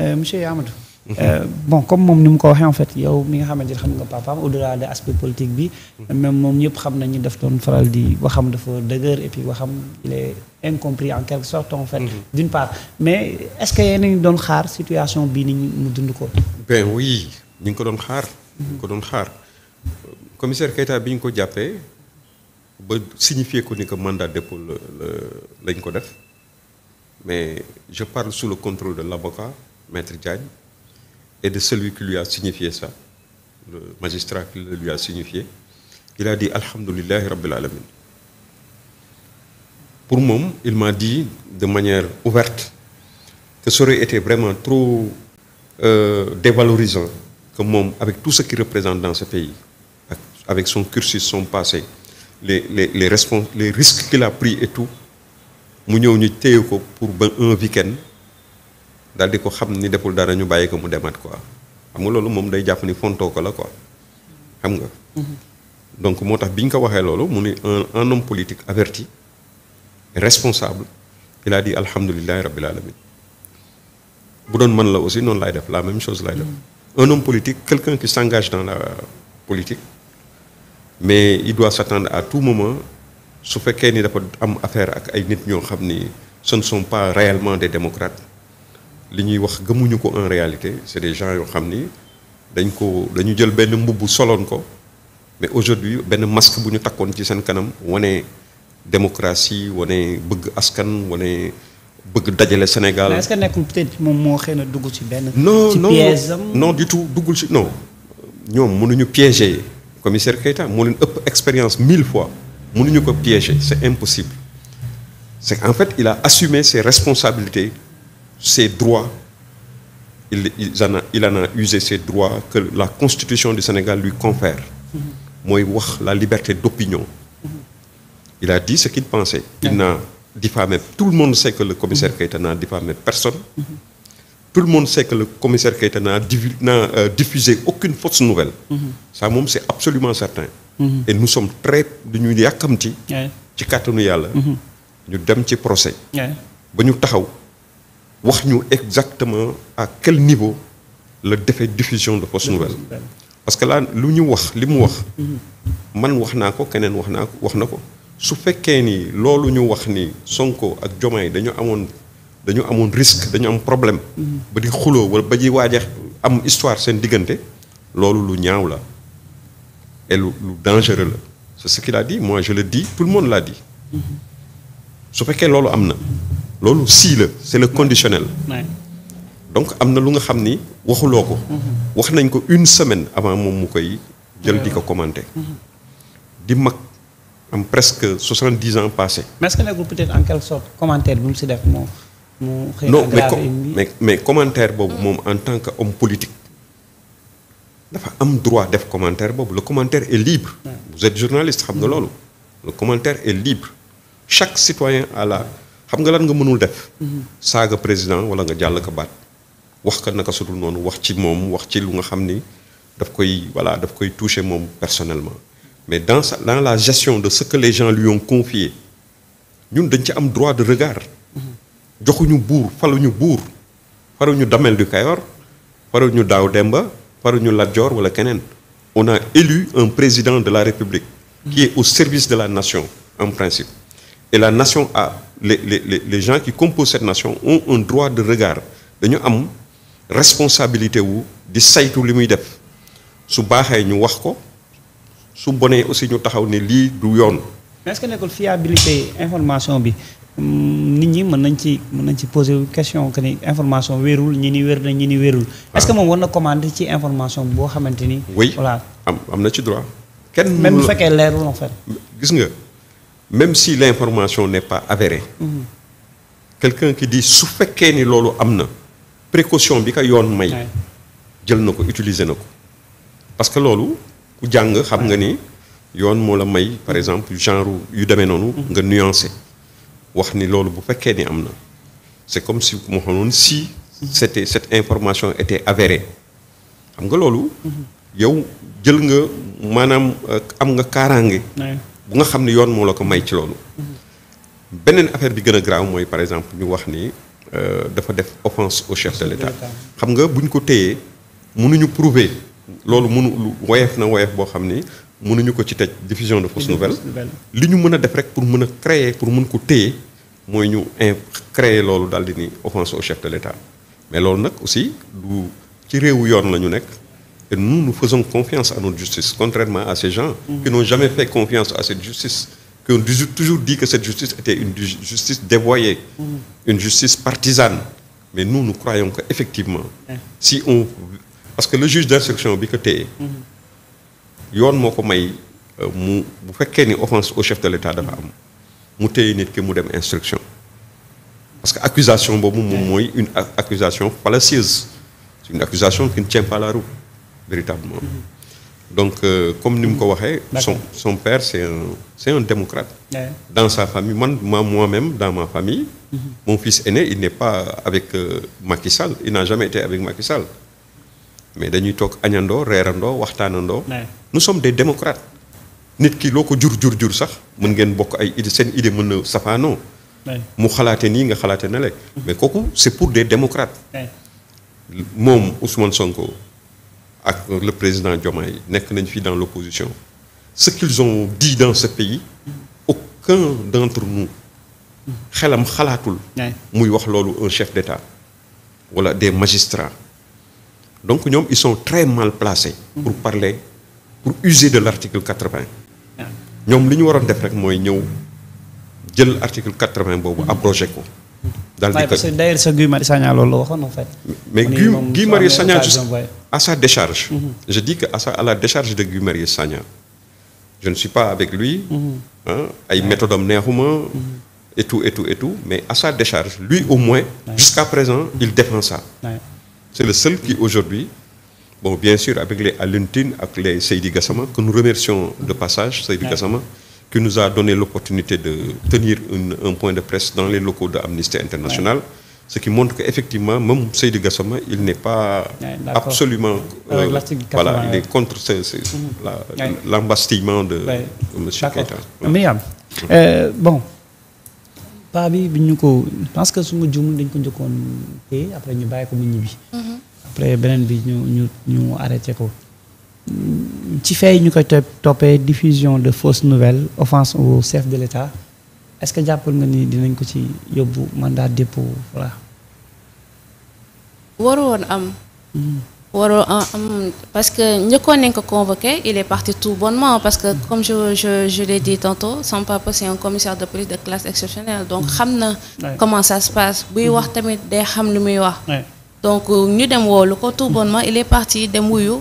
Euh, monsieur Yamadou. Euh, bon comme moom ni mu ko waxee en fait yow mi nga xamante ne xam nga papaam au delà de aspect politique bi. même moom ñëpp xam nañu daf doon faral di waxam dafa dëgër et puis waxam il est incompris en quelque sorte en fait. Mhm. d'une part mais est-ce que yéen a ngi doon xaar situation bii ni mu dund ko. ben oui ñu ngi ko doon xaar. Mhm. ñu ko doon xaar commissaire Keita bi ñu ko jàppee ba signifier ko ni que mandat de dépôt lañ ko def mais je parle sous le de l'avocat Maître Diagne, et de celui qui lui a signifié ça, le magistrat qui lui a signifié, il a dit Alhamdulillah Rabbil Alamin. Pour moi, il m'a dit de manière ouverte que ça aurait été vraiment trop euh, dévalorisant que moom avec tout ce qu'il représente dans ce pays, avec son cursus, son passé, les, les, les, les risques qu'il a pris et tout, nous ko pour ba un week daal di ko xam ni deful dara ñu bàyyi ko mu demaat quoi xam nga loolu moom day jàpp ni fontoo ko la quoi xam nga. Mm-hmm. donc moo tax bi ñu ko waxee loolu mu ni un un homme politique averti responsable il a dit alhamdulilah rabbil alamin bu doon mën la aussi noonu laay def la même chose laay def. Mm-hmm. un homme politique quelqu'un s'engage dans la politique mais il doit s'attendre à tout moment su fekkee ni dafa am affaire ak ay nit ñoo xam ni ce ne sont pas réellement des démocrates. li ñuy wax gëmuñu ko en réalité c'est des gens yoo xam ni dañ ko dañu jël benn mbubb soloon ko mais aujourd'hui benn masque bu ñu takkoon ci seen kanam wane démocratie wane bëgg askan wane bëgg dajale Sénégal. est-ce que nekkul peut moom moo xëy na dugg ci benn. ci du tout duggul ci non ñoom mënuñu piéger commissaire Keita moo leen ëpp expérience mille fois mënuñu ko piéger c'est impossible c'est en fait il a assumé ses responsabilité ses droits, il, il, en a, il en a usé que la Constitution du Sénégal lui confère. mooy wax la liberté d'opinion. il a dit ce qu'il pensait. il n'a diffamé tout le monde sait que le commissaire n'a diffamé personne. tout le monde sait que le commissaire Keïta n'a euh, diffusé aucune fausse nouvelle. ça moom c'est absolument certain. et nous sommes très dañuy yàkkamti. ci kàttanu yàlla. Mhm. ñu dem ci procès. ba ñu taxaw. wax ñu exactement ak quel niveau la defe diffusion de fausse nouvelle parce que là lu ñu wax li mu wax man wax naa ko keneen wax naa ko wax na ko su fekkee ni loolu ñu wax ni Sonko ak Diomaye dañu amoon dañu amoon risque dañu am problème ba di xuloo wala ba di waajee am histoire seen diggante loolu lu ñaaw la et lu lu la c'est ce qu'il a dit moi je le dis tout le monde l'a dit su fekkee loolu am na loolu sii la c'est le conditionnel. donc am na lu nga xam ni waxuloo ko. Mm-hmm. wax nañ ko une semaine avant moom mu koy jël di ko commenter. Mm-hmm. di mag am presque soixante dix ans passé. mais est-ce que nekkul peut-être en quelque sorte commentaire bi si def moo. mu xëy mais mais boobu moom en tant que homme politique. dafa am droit def commentaire boobu la commentaire est libre. vous êtes journaliste xam nga mm-hmm. loolu. le commentaire est libre chaque citoyen a la. xam nga lan nga mënul def. saaga président wala nga jàll ka baat wax ka naka sudul noonu wax ci moom wax ci lu nga xam ni daf koy voilà daf koy toucher moom personnellement mais dans sa la gestion de ce que les gens lui ont ñun dañ ci am droit de regard. joxuñu buur faluñu buur faruñu Damel du Kayor faruñu Daaw Demba faruñu Lat Joor wala keneen on a élu un président de la République. qui au service de la nation en principe. et la nation le le le les gens qui composent cette nation ont un droit de regard dañu am responsabilité wu di saytu li muy def su baaxee ñu wax ko su bonee aussi ñu taxaw ne lii du yoon. mais est-ce que nekkul fiabilité information bi mm, nit ñi mën nañ ci mën nañ ci poser question que ni information wérul ñi ni wér na ñi ni wérul. Ah. est-ce moom war na commander ci information boo xamante ni. voilà am am na ci droit. kenn même bu fekkee leerul en fait. gis nga. même si l'information n'est pas avérée quelqu'un qui di su fekkee ni loolu am na précaution bi ka yoon may jël na ko utiliser na ko parce que loolu ku jàng xam nga ni yoon moo la may par exemple genre yu demee noonu nga nuancé wax ni loolu bu fekkee ni am na c'est comme si moo xamoon si c'était cette information était avérée xam nga loolu yow jël nga maanaam euh, am nga kaaraange bu nga xam ne yoon moo la ko may ci loolu. beneen affaire bi gën a grave mooy par exemple ñu wax ni euh, dafa def offense au chef de l' xam nga bu ñu ko téyee mënuñu prouver loolu mënu woyef na woyef boo xam ni mënuñu ko ci tej diffusion de fausse nouvelle li ñu mën a def rek pour mën a créer pour mën ko téye mooy ñu in créer loolu daal di ni offense au chef de l' mais loolu nag aussi du ci réewu yoon la ñu nekk. que nous, nous faisons confiance à notre justice, contrairement à ces gens qui n'ont jamais fait confiance à cette justice, qui ont toujours dit que cette justice était une justice dévoyée, une justice partisane. Mais nous, nous croyons qu'effectivement, si on... Parce que le juge d'instruction, Bikoté, yoon moo ko may euh, mu bu fekkee ni offense au chef de l'État dafa am mu téye nit ki mu dem instruction parce que accusation boobu moom mooy une accusation fallacieuse c'est une accusation qui ne tient véritablement. donc euh, comme ni mu ko waxee. son son père c'est un c'est démocrate. dans sa famille man ma moi-même dans ma famille. Mhm. mon fils aîné il n'est pas avec euh, Macky Sall il n'a jamais été avec Macky mais dañuy toog añandoo reerandoo waxtaanandoo. nous sommes des démocrates. nit ki loo ko jur jur jur sax mën ngeen bokk ay idée seen idée mën na safaanoo. mu xalaate nii nga xalaate na le mais kooku c'est pour des démocrates. moom Ousmane Sonko. ak le président Diomaye nekk nañ fi dans l'opposition ce qu'ils ont dit dans ce pays aucun d'entre nous xelam xalaatul muy wax loolu un chef d'État wala des magistrats donc ñoom ils sont très mal placés pour parler pour user de l'article 80 ñoom li ñu waroon def rek mooy ñëw jël article vingt boobu mm-hmm. abrogé ko dans le sa Guy Marius Sagna loolu la waxoon en fait. mais Guy Guy Marius à sa décharge. Mm-hmm. je dis que à sa à la décharge de Guy Marius Sagna je ne suis pas avec lui. Mm-hmm. ay méthode am neexuma. Mm-hmm. et tout et mais à sa décharge lui au moins. jusqu'à présent il défend ça. c'est le seul qui aujourd'hui bon bien sûr avec les Alioune Tine ak les Seydi Gassama que nous remercions de passage Seydi Gassama. qui nous a donné l'opportunité de tenir un point de presse dans les locaux de Amnesty International. Ouais. Ce qui montre qu'effectivement, même Seydi Gassama, il n'est pas ouais, absolument. Euh, euh voilà, il contre mm. l'embastillement de, M. Keita. Mais, euh, bon, paa bi bi ñu ko parce que su ma juumul dañ ko njëkkoon téye après ñu bàyyi ko mu ñibbi. Mm-hmm. après beneen bi ñu ñu ñu ko. ci fay ñu koy toppee diffusion de fausses nouvelles offense au chef de l'État est-ce que jàppal nga ni dinañ ko ci yóbbu mandat dépôt voilà. waru am. Hmm. waroo am parce que njëkkoon nañ ko convoqué il est parti tout bonnement parce que hmm. comme je je je l'ai dit tantôt Sampapa c'est un commissaire de police de classe exceptionnelle donc hmm. xam na comment ça se buy wax tamit day xam lu muy wax donc euh, ñu dem woolu ko tout bonnement il est parti dem wuyu